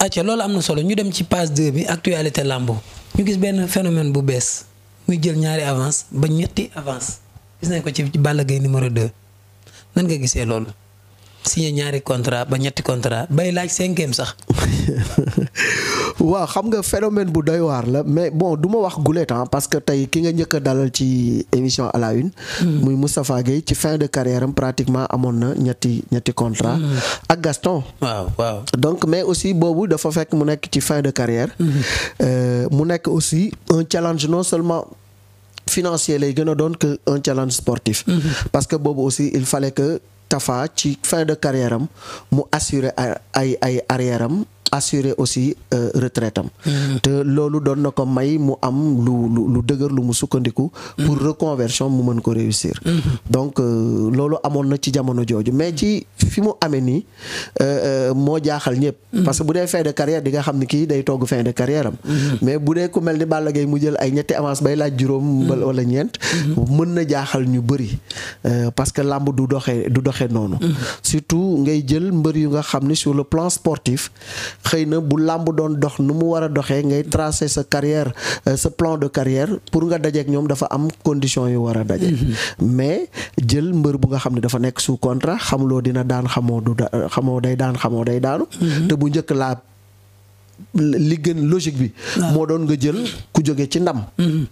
acca loolu am na solo ñu dem ci page 2 bi actualité làmb ñu gis benn phénomène bu bees muy jël ñaari avance ba ñetti avance gis nañ ko ci bàll Gaye numéro de nan nga gisee loolu signé ñaari contrat ba ñetti contrat bay laaj cinquième sax waaw xam nga phénomène bu doy waar la mais bon du ma wax gulet parce que tey ki nga njëkk a dalal ci émission à la une. Hmm. muy Moustapha Gueye ci fin de carrière am pratiquement amoon na ñetti ñetti contrat. Hmm. ak Gaston. mais aussi boobu dafa fekk mu nekk ci fin de carrière. Hmm. Euh, mu nekk aussi un challenge non seulement. financier lay gën a doon que un challenge sportif parce que boobu aussi il fallait que Tafa ci fin de carrière am mu assurer ay ay arrière am assurer aussi euh, retraite am mm-hmm. te loolu doon na ko may mu am lu lu lu dëgër lu mu sukkandiku mm-hmm. pour reconversion mu mën ko réussir mm-hmm. donc euh, loolu amoon na ci jamono jooju mais ci fi mu amee nii euh, moo jaaxal ñëpp parce que bu dee fin de carrière di nga xam ne kii day togg fin de carrière mais bu dee ku mel ni Balla Gaye mu jël ay ñetti avance bay laaj juróom wala ñeent mën na jaaxal ñu bëri parce que làmb du doxee du doxee noonu surtout ngay jël mbër yu nga xam ne sur le plan sportif xëy na bu làmb doon dox nu mu war a doxee ngay tracer sa carrière euh, sa plan de carrière pour nga dajeek ñoom dafa am condition yu war a daje. Mhm. mais jël mbër bu nga xam ne dafa nekk su contra xamuloo dina daan xamoo du xamoo day daan xamoo day daanu. Mhm. te bu njëkk laa li gën logique bi. moo doon nga jël ku jóge ci ndam. Mhm.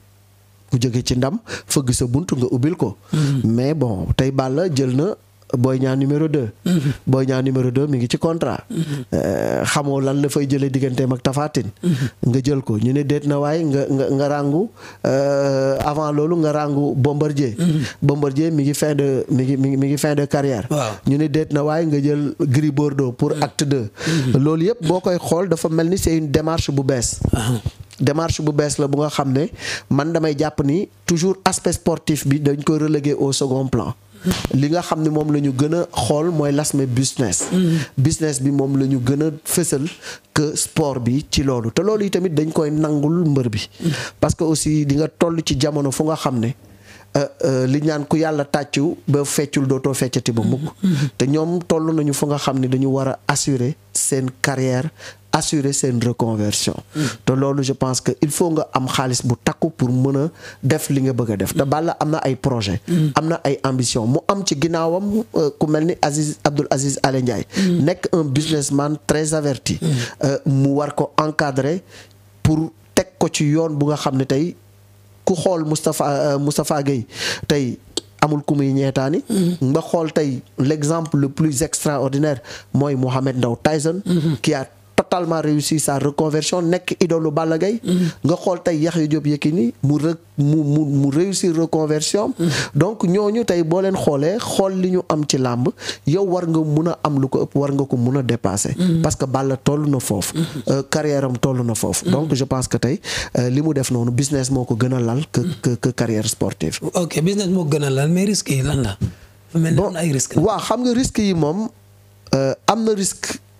ku jóge ci ndam fëgg sa bunt nga ubbil ko. mais bon tey Balla jël na. Boy Niang numéro 2. Mm-hmm. Boy Niang numéro 2 mi ngi ci contrat. Mm-hmm. Eh, xamoo lan la fay jëlee digganteem ak Tapha mm-hmm. nga jël ko ñu ne déet na waaye nga nga nga ràngu eh, avant loolu nga ràngu Bombardier. Bombardier mi ngi fin de mi ngi mi ngi fin de carrière. ñu ne déet na waaye nga jël Gris Bordeaux pour acte 2. loolu yëpp boo koy xool dafa mel ni c'est une démarche bu bees. Uh-huh. démarche bu bees la bu nga xam ne man damay jàpp ni toujours aspect sportif bi dañ koy relégué au second plan. li nga xam ne moom la ñu gën a xool mooy l'aspect business. Mm. business bi moom la ñu gën a fësal que sport bi ci loolu te loolu yi tamit dañ koy nangul mbër bi. Mm. parce que aussi di nga toll ci jamono fu nga xam ne. Euh, euh, li ñaan ku yàlla tàccu ba feccul dootoo feccati ba mukk mm. te ñoom toll nañu fu nga xam ne dañu war a assurer seen carrière assurer seen reconversion te loolu je pense que il faut nga am xaalis bu takku pour mën a def li nga bëgg a def te Balla am na ay projet am na ay ambition mu am ci ginnaawam euh, ku mel ni Aziz Abdoul Aziz Alé Ndiaye nekk un man très averti euh, mu war ko encadrer pour teg ko ci yoon bu nga xam ne tey ku xool Moustapha euh, Moustapha Gueye tey amul ku muy ñeetaani nga xool tey l'exemple le plus extraordinaire mooy Mohamed Ndao Tyson mhm. qui a totalement réussi sa reconversion nekk idolu Balla Gaye mm-hmm. nga xool tey Yaxya Diop Yékini mu rek mu mu mu réussir reconversion mm-hmm. donc ñooñu tey boo leen xoolee xool li ñu am ci làmb yow war nga mun a am lu ko ëpp war nga ko mun a dépasser mm-hmm. parce que Balla toll na foofu euh, carrière am toll na foofu donc je pense que tey euh, li mu def noonu business moo ko gën a lal que que carrière sportive ok business moo ko a lal mais risques yi lan na ay xam nga risques yi moom euh, am na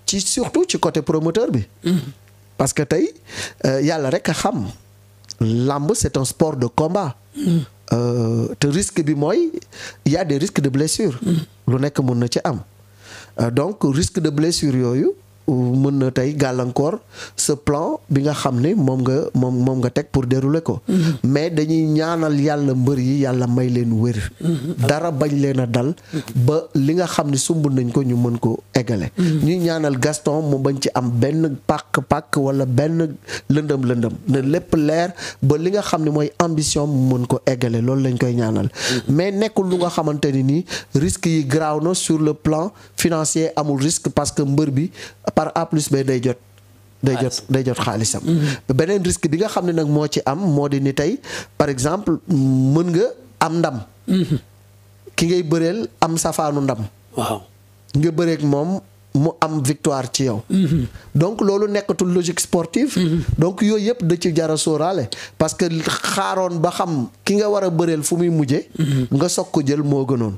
ci surtout ci côté promoteur bi. Mm-hmm. parce que tey euh, yàlla rek a xam làmb c'est un sport de combat. Mm-hmm. Euh, te risque bi mooy y a des risques de blessure. Mm-hmm. lu nekk mun na ci am euh, donc risque de blessure yooyu. mën na tey gàllankoor ce plan bi nga xam ne moom nga moom moom nga teg pour dérouler ko mm-hmm. mais dañuy ñaanal yàlla mbër yi yàlla may leen wér mm-hmm. dara bañ leen a dal ba li nga xam ne sumb nañ ko ñu mën ko eggale mm-hmm. ñuy Gaston mu bañ ci am benn pàkk pàkk wala benn lëndëm lëndëm lépp leer ba li nga xam ne mooy ambition mu mën ko eggale loolu lañ koy ñaanal mais nekkul lu nga xamante ni nii risque yi graaw na sur le plan financier amul risque parce que mbër bi par A plus B day jot. day jot day jot xaalisam. Mm-hmm. beneen risque bi nga xam ne nag moo ci am moo di ni tey par exemple mën nga am ndam. Mm-hmm. ki ngay bëreel am safaanu ndam. waaw nga bëreek moom mu am victoire ci yow. Mm-hmm. donc loolu nekkatul logique sportive. donc yooyu yëpp da ci jara sóoraale parce que xaaroon ba xam ki nga war a bëreel fu muy mujje nga soog ko jël moo gënoon.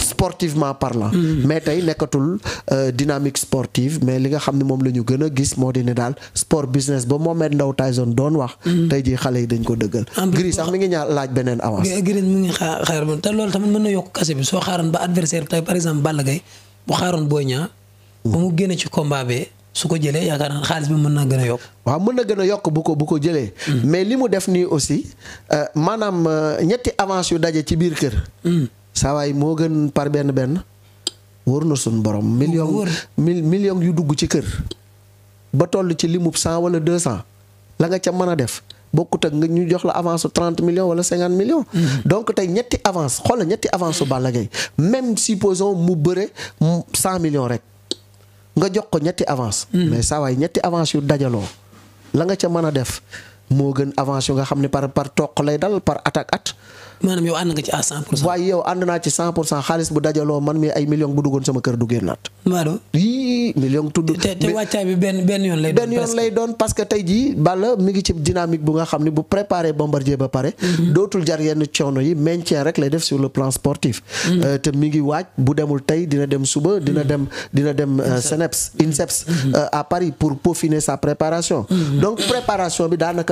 sportivement parlant. mais tey nekkatul euh, dynamique sportive mais li nga xam ne moom la ñu gën a gis moo di ne daal sport business ba Mohamed Ndao Tyson doon wax. Mm-hmm. tey jii xale yi dañ ko dëggal. Ah, Gris sax mi ngi ñaar laaj beneen avance. Gris mu ngi xaar xaar te loolu tamit mën na yokk kase bi soo xaaroon ba adversaire tey par exemple Balla Gaye bu xaaroon Boy Niang ba mu génne ci combat bi su ko jëlee yaakaar xaalis bi mën naa gën a yokk. waaw mën na gën a yokk bu ko bu ko jëlee. Mm. mais li mu def nii aussi euh, maanaam euh, ñetti avance yu daje ci biir kër. Mm. saawaay moo gën par benn benn wóor na suñ borom million million yu dugg ci kër ba toll ci limub cent wala deux cent la nga ca mën a def bokkut ak nga ñu jox la avance su trente million wala cinquante millions. Mm-hmm. donc tey ñetti avance xoola ñetti avance su Balla Gaye même supposons mu bëre cent millions rek nga jox ko ñetti avance mm-hmm. mais saawaay ñetti avance yu dajaloo la nga ca mën a def moo gën avance yu nga xam ne par par toq lay dal par attaque at maanaam yow ànd nga ci à 100 pour cent. waaye yow ànd naa ci 100 pour cent xaalis bu dajaloo man mi ay million bu duggoon sama kër du génnaat. waaw million te wàccaay bi benn benn yoon lay. benn yoon lay doon parce tey jii Balla mi ngi ci dynamique bu nga xam ne bu préparé bombardier ba pare. Mhm. dootul jar yenn coono yi maintien rek lay def sur le plan sportif. Mhm. Euh, te mi ngi waaj bu demul tey dina dem suba dina mhm. dem dina dem euh, euh, à Paris pour peaufiner sa préparation. donc préparation da nga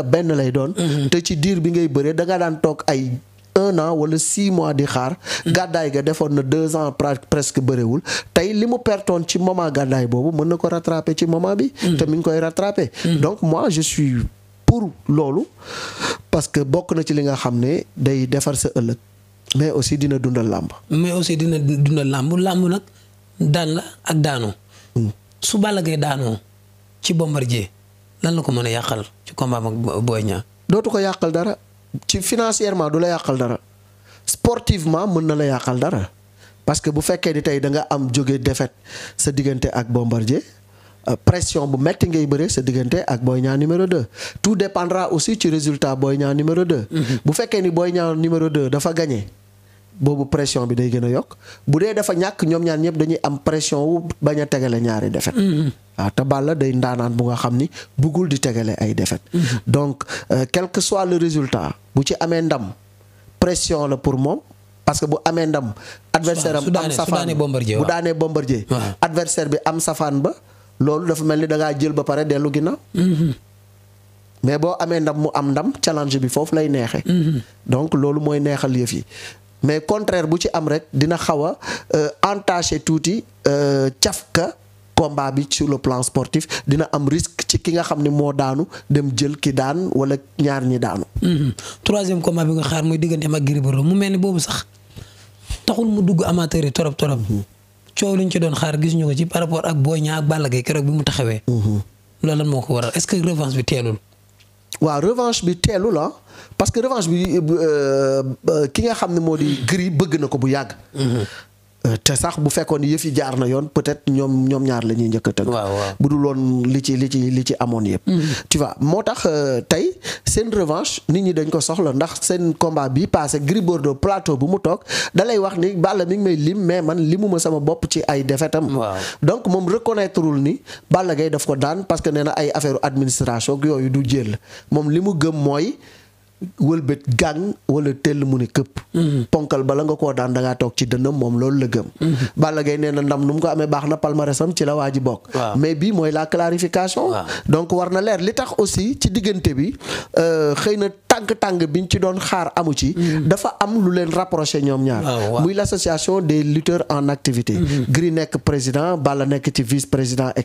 un an wala six mois di xaar mm. gàddaay ga defoon na deux ans presque bëriwul tey li mu pertoon ci moment gàddaay boobu mën na ko rattraper ci moment bi mm. te mi ngi koy rattraper mm. donc moi je suis pour loolu parce que bokk na ci li nga xam ne day defar sa ëllëg mais aussi dina dunda làmb mais aussi dina dundal làmb làmb nag daan la ak daanoo su Balla Gaye daanoo ci Bombardier lan la ko mën a ci combat ak Boy dootu ko yàqal dara ci financièrement du la yàqal dara sportivement mën na la yàqal dara parce que bu fekkee ni tey da nga am jóge defet sa diggante ak Bombardier euh, pression bu metti ngay bëree sa diggante ak booy Niang numéro 2 tout dépendra aussi ci résultat Boy Niang numéro 2. Mhm. bu fekkee ni Boy Niang numéro 2 dafa gañe boobu pression bi day gën a yokk bu dee dafa ñàkk ñoom ñaar ñëpp dañuy am pression wu bañ a tegale ñaari defet mm-hmm. waaw te Balla day ndaanaan bu nga xam ni buggul di tegale ay defet mm-hmm. donc euh, quel que soit le résultat bu ci amee ndam pression la pour moom parce que bu amee ndam adversaire am am safaan bu daanee bombardier adversaire bi am safaan ba loolu dafa mel ni da ngaa jël ba pare dellu ginnaaw mm-hmm. mais boo amee ndam mu am ndam challenge bi foofu lay neexee donc loolu mooy neexal yëf yi mais contraire bu ci am rek dina xaw a euh, entaché tuuti euh, cafka combat bi sur le plan sportif dina am risque ci ki nga xam ni moo daanu dem jël ki daan wala ñaar ñi daanu. Mm-hmm. troisième combat bi nga xaar muy digganteem ak Gris Bordeaux mu mel ni boobu sax taxul mu dugg amateur yi torop torop mm-hmm. coow liñ ci doon xaar gis ko ci par rapport ak Boy Niang ak Balla keroog bi mu taxawee. Mm-hmm. loolu moo ko waral est-ce que revanche bi teelul. waaw revanche bi teelu la ah, parce que revanche bi euh, euh, ki nga xam ne moo di Gris bëgg na ko bu yàgg. Mm-hmm. Euh, te sax bu fekkoon yëf yi jaar na yoon peut-être ñoom ñoom ñaar la ñuy njëkk a tënk. bu dul woon li ci li ci li ci amoon yëpp. Mm-hmm. tu moo tax euh, tey seen revanche nit ñi dañ ko soxla ndax seen combat bi passé Gris Bordeaux plateau bu mu toog da lay wax ni Balla mi ngi may lim mais man limuma sama bopp ci ay defetam donc moom reconnaîtreul ni Balla Gaye daf ko daan parce que nee na ay affaire administration yooyu du jël moom li mu gëm mooy. wëlbët gàng wala tell mu ne këpp. Mhm. ponkal bala nga koo daan da ngaa toog ci dënnam moom loolu la gëm. Mhm. Balla Gaye nee na ndam nu mu ko amee baax na palmarèsam ci la waa ji bokk. mais bii mooy la clarification. donc war na leer li tax aussi ci diggante bi euh, xëy na tàng-tàng biñ ci doon xaar amu ci. Mhm. dafa am lu leen rapproché ñoom ñaar. Ah, muy l' association des en activité. Gris président Balla nekk ci vice président et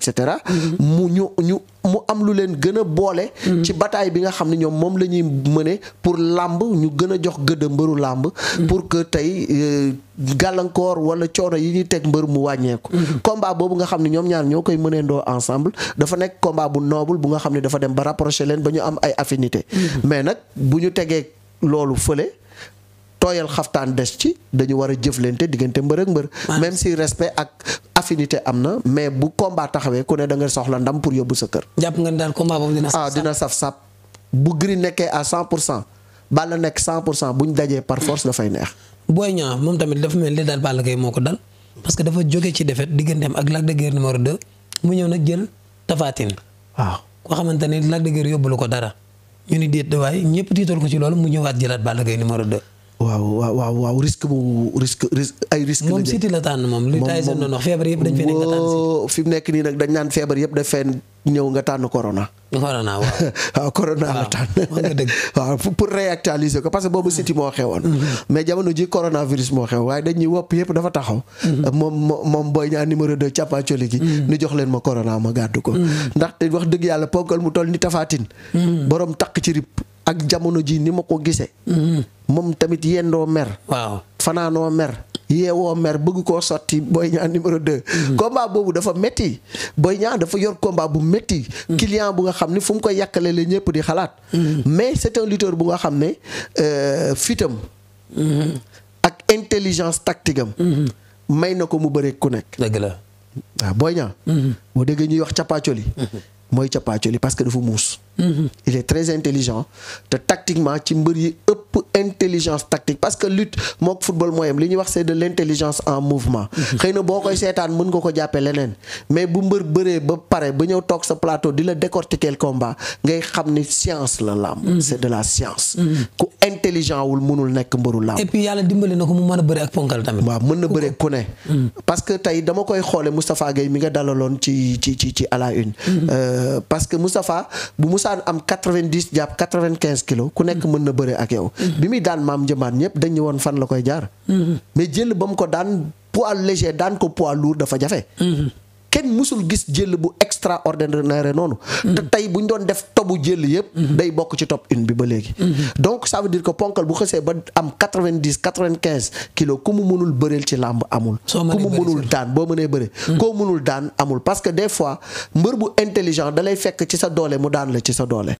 mu ñu ñu mu am lu leen gën a boole. Mm-hmm. ci bataille bi nga xam ne ñoom moom la ñuy mëne pour làmb ñu gën a jox gëdd mbëru làmb. Mm-hmm. pour que tey euh, gàllankoor wala coono yi ñuy teg mbër mu wàññeeku. Mm-hmm. combat boobu nga xam ne ñoom ñaar ñoo koy mëneendoo ensemble dafa nekk komba bu noble bu nga xam ne dafa dem ba rapproché leen ba ñu am ay affinité mais nag bu ñu tegee loolu fële. tooyal xaftaan des ci dañu war a jëflante diggante mbër ak mbër. même si respect ak affinité am na mais bu combat taxawee ku ne da nga soxla ndam pour yóbbu sa kër. jàpp nga daal combat boobu dina. saf ah dina saf sap bu Gris nekkee à 100 pour cent Balla nekk 100 pour cent bu ñu dajee par force dafay neex. Boy Niang moom tamit dafa mel ni daal Balla Gaye moo ko dal parce que dafa jóge ci défaite digganteem ak Lac de Guiers numéro 2 mu ñëw nag jël Tapha Tine. waaw koo xamante ne Lac de Guiers yóbbu lu ko dara ñu ni déet waay ñëpp tiital ko ci loolu mu ñëwaat jëlaat Balla Gaye numéro 2. waaw waaw waaw risque bu risque ay risque la moom Siteu la tànn moom li Tyson doon wax feebar yëpp dañ fee nekk tànn fi mu nekk nii nag ñëw nga tànn corona. waaw. waaw waaw pour réactualiser ko parce que boobu Siteu moo xewoon. Mm-hmm. mais jamono ji coronavirus moo xew waaye dañuy wopp yëpp dafa taxaw. Mm-hmm. moom moom Boy Niang numéro 2 cappaacoli gi. Mm-hmm. ni jox leen ma corona ma gàddu ko. ndaxte wax dëgg yàlla ponkal mu toll ni tafaatin. borom takk ci rib ak jamono ji ni ma ko gisee. moom tamit yendoo mer. waaw fanaanoo mer. yeewoo mer bëgg koo sotti Boy Niang numéro 2. Mm-hmm. combat boobu dafa métti Boy Niang dafa yor combat bu métti. Mm-hmm. client bu nga xam ne fu mu koy yàqalee la ñëpp di xalaat. Mm-hmm. mais c'est un lutteur bu nga xam ne euh, fitam ak intelligence tactique am. may na ko mu bëre ku nekk. dëgg Boy Niang. boo déggee ñuy wax capaacoli. mooy capaacoli parce que dafa muus. Mm-hmm. il est très intelligent te tactiquement ci mbër yi ëpp intelligence tactique parce que lutte mook football mooy li ñuy wax c'est de l'intelligence en mouvement. Mm-hmm. xëy na boo koy seetaan mën nga ko jàppee leneen mais bu mbër bëree ba pare ba ñëw toog sa plateau di la décortiquer combat ngay xam ni science la làmb. Mm-hmm. c'est de la science. ku intelligent wul mënul nekk mbëru làmb. et puis yàlla dimbali na ko mu mën a bëri ak ponkal tamit. waaw mën na ku ne. parce que tey dama koy xoolee Moustapha Gueye mi nga dalaloon ci ci ci ci masaan am quatre-vingt-dix jàpp quatre-vingt-quinze kilos ku nekk mën na bëre ak yow. bi muy daan maam njëmaan ñëpp dañ woon fan la koy jaar. Mm-hmm. mais jël ba ko daan poids léger daan ko poids lourd dafa jafe. Mm-hmm. kenn musul gis jël bu extraordinaire noonu. te tey bu ñu doon def tobu jël yëpp. day bokk ci top une bi ba léegi. donc ça veut dire que ponkal bu xësee ba am quatre vingt dix quatre kilos ku mu mënul bëreel ci làmb amul. ku mu mënul daan boo mënee bëre. Hmm. koo mënul daan amul parce que des fois mbër bu intelligent da lay fekk ci sa doole mu daan la ci sa doole.